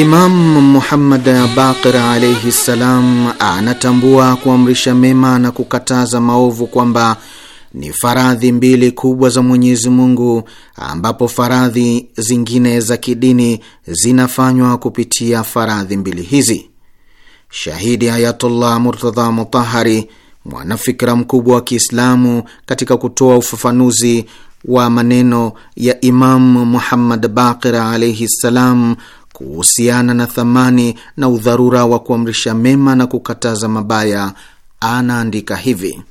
Speaker 4: Imam Muhammad Baqir alaihi ssalam anatambua kuamrisha mema na kukataza maovu kwamba ni faradhi mbili kubwa za Mwenyezi Mungu, ambapo faradhi zingine za kidini zinafanywa kupitia faradhi mbili hizi. Shahidi Ayatullah Murtadha Mutahari, mwanafikra mkubwa wa Kiislamu, katika kutoa ufafanuzi wa maneno ya Imam Muhammad Baqir alaihi ssalam kuhusiana na thamani na udharura wa kuamrisha mema na kukataza mabaya, anaandika hivi: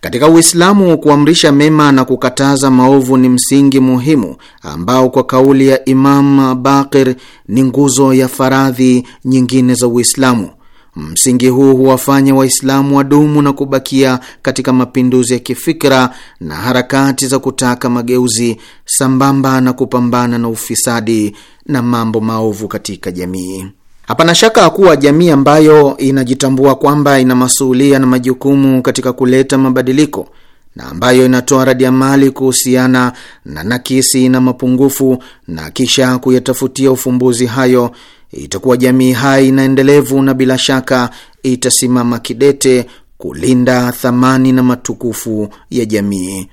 Speaker 4: katika Uislamu, kuamrisha mema na kukataza maovu ni msingi muhimu ambao kwa kauli ya Imam Bakir ni nguzo ya faradhi nyingine za Uislamu. Msingi huu huwafanya Waislamu wadumu na kubakia katika mapinduzi ya kifikra na harakati za kutaka mageuzi, sambamba na kupambana na ufisadi na mambo maovu katika jamii. Hapana shaka kuwa jamii ambayo inajitambua kwamba ina masuulia na majukumu katika kuleta mabadiliko na ambayo inatoa radiamali kuhusiana na nakisi na mapungufu na kisha kuyatafutia ufumbuzi hayo, itakuwa jamii hai na endelevu, na bila shaka itasimama kidete kulinda thamani na matukufu ya jamii.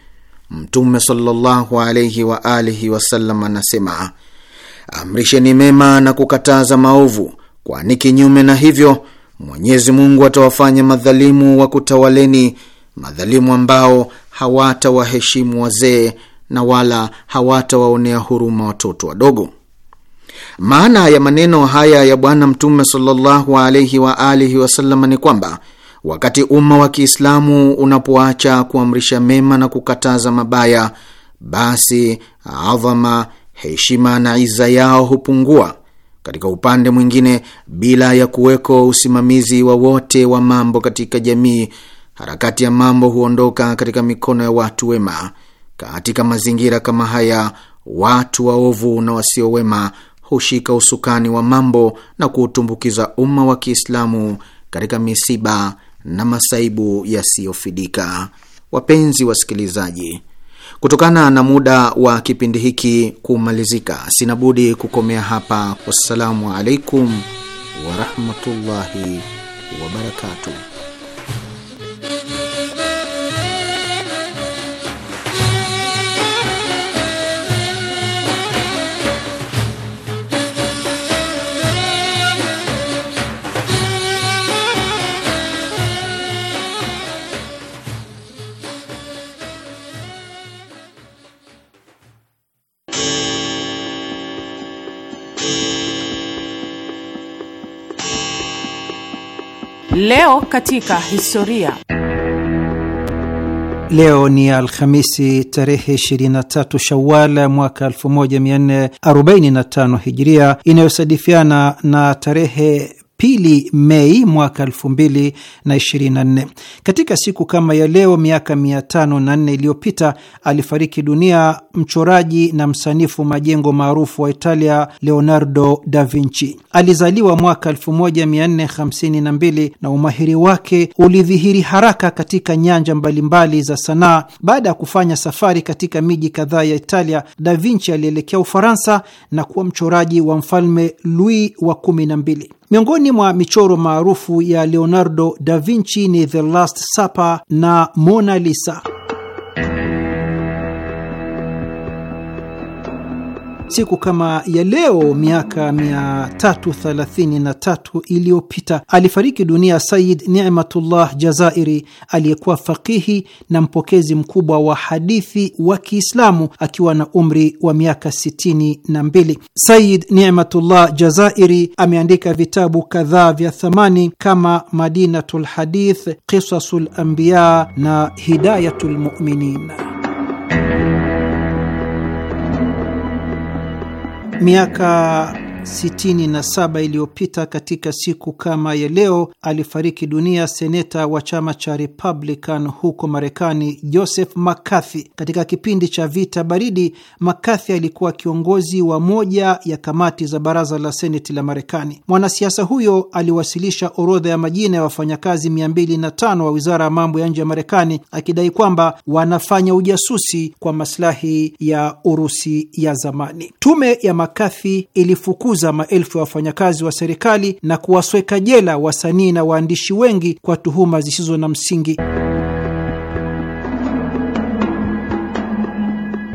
Speaker 4: Mtume sallallahu alaihi wa alihi wasallam anasema amrisheni mema na kukataza maovu, kwani kinyume na hivyo Mwenyezi Mungu atawafanya madhalimu wa kutawaleni, madhalimu ambao hawatawaheshimu wazee na wala hawatawaonea huruma watoto wadogo. Maana ya maneno haya ya Bwana Mtume sallallahu alaihi wa alihi wasallam ni kwamba wakati umma wa Kiislamu unapoacha kuamrisha mema na kukataza mabaya, basi adhama heshima na iza yao hupungua katika upande mwingine, bila ya kuweko usimamizi wowote wa, wa mambo katika jamii, harakati ya mambo huondoka katika mikono ya watu wema. Katika mazingira kama haya, watu waovu na wasiowema hushika usukani wa mambo na kuutumbukiza umma wa Kiislamu katika misiba na masaibu yasiyofidika. Wapenzi wasikilizaji Kutokana na muda wa kipindi hiki kumalizika, sina budi kukomea hapa. Wassalamu alaikum warahmatullahi wabarakatuh.
Speaker 5: Leo katika historia.
Speaker 2: Leo ni Alhamisi tarehe 23 Shawal mwaka 1445 Hijiria, inayosadifiana na tarehe pili Mei mwaka na nne. Katika siku kama ya leo miaka nne iliyopita alifariki dunia mchoraji na msanifu majengo maarufu wa Italia Leonardo da Vinci. Alizaliwa mwaka hamsini na umahiri wake ulidhihiri haraka katika nyanja mbalimbali za sanaa. Baada ya kufanya safari katika miji kadhaa ya Italia, da Vinci alielekea Ufaransa na kuwa mchoraji wa mfalme Louis wa kumi na mbili Miongoni mwa michoro maarufu ya Leonardo da Vinci ni The Last Supper na Mona Lisa. Siku kama ya leo miaka 333 iliyopita alifariki dunia Sayid Nimatullah Jazairi, aliyekuwa fakihi na mpokezi mkubwa wa hadithi wa Kiislamu akiwa na umri wa miaka 62. Sayid Nimatullah Jazairi ameandika vitabu kadhaa vya thamani kama Madinatul Hadith, Qisasul Anbiya na Hidayatul Muminin. miaka 67 iliyopita katika siku kama ya leo alifariki dunia seneta wa chama cha Republican huko Marekani, Joseph McCarthy. Katika kipindi cha vita baridi, McCarthy alikuwa kiongozi wa moja ya kamati za baraza la seneti la Marekani. Mwanasiasa huyo aliwasilisha orodha ya majina ya wafanyakazi 205 wa wizara ya mambo ya nje ya Marekani akidai kwamba wanafanya ujasusi kwa maslahi ya Urusi ya zamani. Tume ya McCarthy ilifuku kuwafukuza maelfu ya wafanyakazi wa serikali na kuwasweka jela wasanii na waandishi wengi kwa tuhuma zisizo na msingi.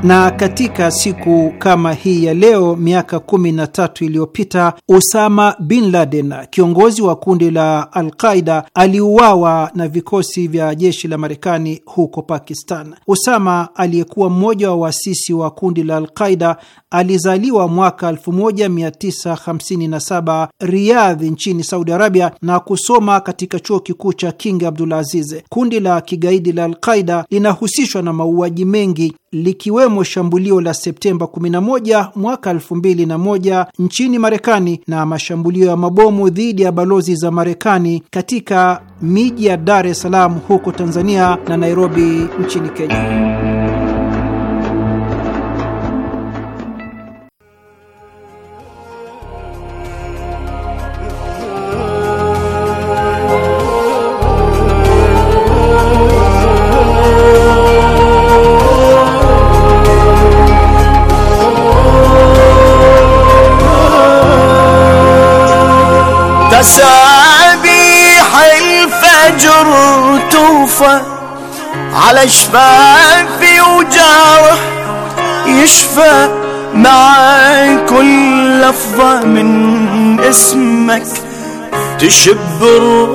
Speaker 2: Na katika siku kama hii ya leo miaka kumi na tatu iliyopita usama bin Laden, kiongozi wa kundi la Alqaida, aliuawa na vikosi vya jeshi la Marekani huko Pakistan. usama aliyekuwa mmoja wa waasisi wa kundi la Alqaida alizaliwa mwaka 1957 Riyadh nchini Saudi Arabia na kusoma katika chuo kikuu cha King Abdulaziz. Kundi la kigaidi la Alqaida linahusishwa na mauaji mengi likiwemo shambulio la Septemba 11 mwaka 2001 nchini Marekani na mashambulio ya mabomu dhidi ya balozi za Marekani katika miji ya Dar es Salaam huko Tanzania na Nairobi nchini Kenya.
Speaker 1: سبيح الفجر توفى على شفافي وجارح يشفى مع كل لفظة من اسمك تشب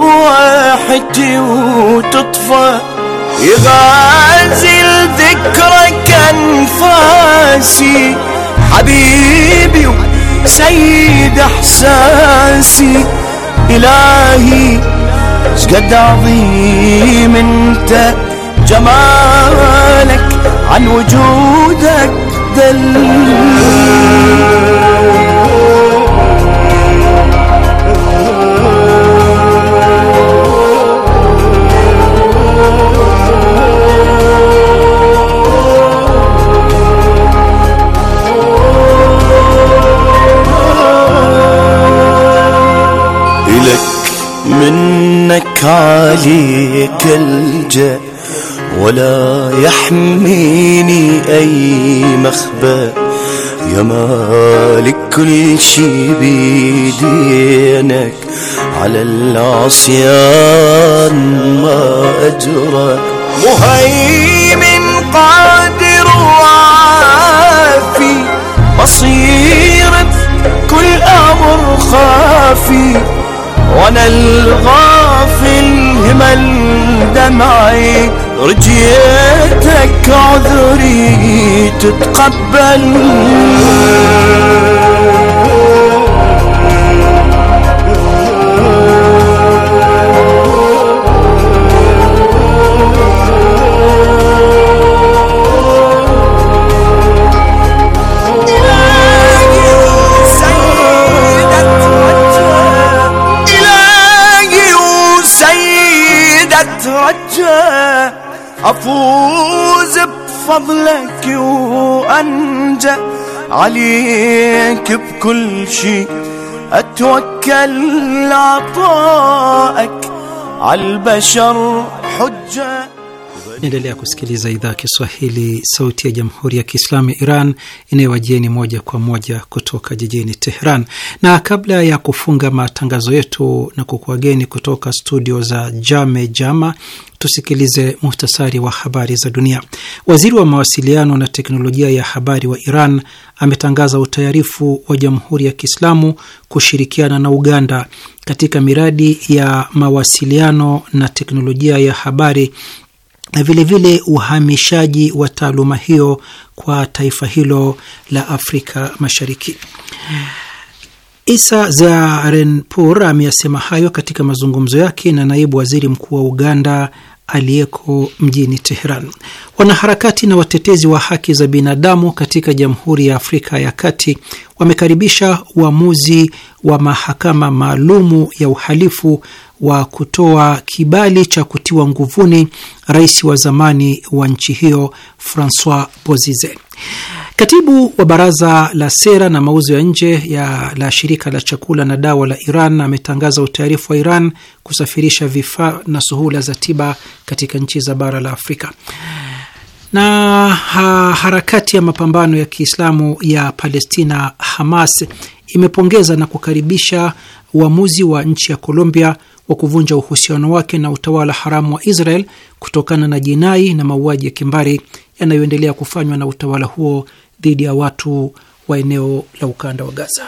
Speaker 1: روحتي وتطفى يغازي ذكرك انفاسي حبيبي وسيد احساسي إلهي شقد عظيم انت جمالك عن وجودك دل عليك الجأ ولا يحميني أي مخبى يا مالك كل شي بيدينك على العصيان ما أجرى مهيمن قادر وعافي مصيرة كل أمر خافي وأنا الغافي يمل دمعي رجيتك عذري تتقبل أفوز بفضلك وأنجى عليك بكل شي أتوكل عطائك عالبشر حجة
Speaker 2: Naendelea kusikiliza idhaa Kiswahili sauti ya jamhuri ya Kiislamu ya Iran inayowajieni moja kwa moja kutoka jijini Teheran. Na kabla ya kufunga matangazo yetu na kukuageni kutoka studio za Jame Jama, tusikilize muhtasari wa habari za dunia. Waziri wa mawasiliano na teknolojia ya habari wa Iran ametangaza utayarifu wa jamhuri ya Kiislamu kushirikiana na Uganda katika miradi ya mawasiliano na teknolojia ya habari na vilevile vile uhamishaji wa taaluma hiyo kwa taifa hilo la Afrika Mashariki. Isa Zarenpur ameyasema hayo katika mazungumzo yake na naibu waziri mkuu wa Uganda aliyeko mjini Teheran. Wanaharakati na watetezi wa haki za binadamu katika Jamhuri ya Afrika ya Kati wamekaribisha uamuzi wa mahakama maalumu ya uhalifu wa kutoa kibali cha kutiwa nguvuni rais wa zamani wa nchi hiyo Francois Bozize. Katibu wa baraza la sera na mauzo ya nje ya la shirika la chakula na dawa la Iran ametangaza utayarifu wa Iran kusafirisha vifaa na suhula za tiba katika nchi za bara la Afrika. Na ha, harakati ya mapambano ya Kiislamu ya Palestina Hamas imepongeza na kukaribisha uamuzi wa nchi ya Colombia wa kuvunja uhusiano wake na utawala haramu wa Israel kutokana na jinai na mauaji ya kimbari yanayoendelea kufanywa na utawala huo dhidi ya watu wa eneo la ukanda wa Gaza.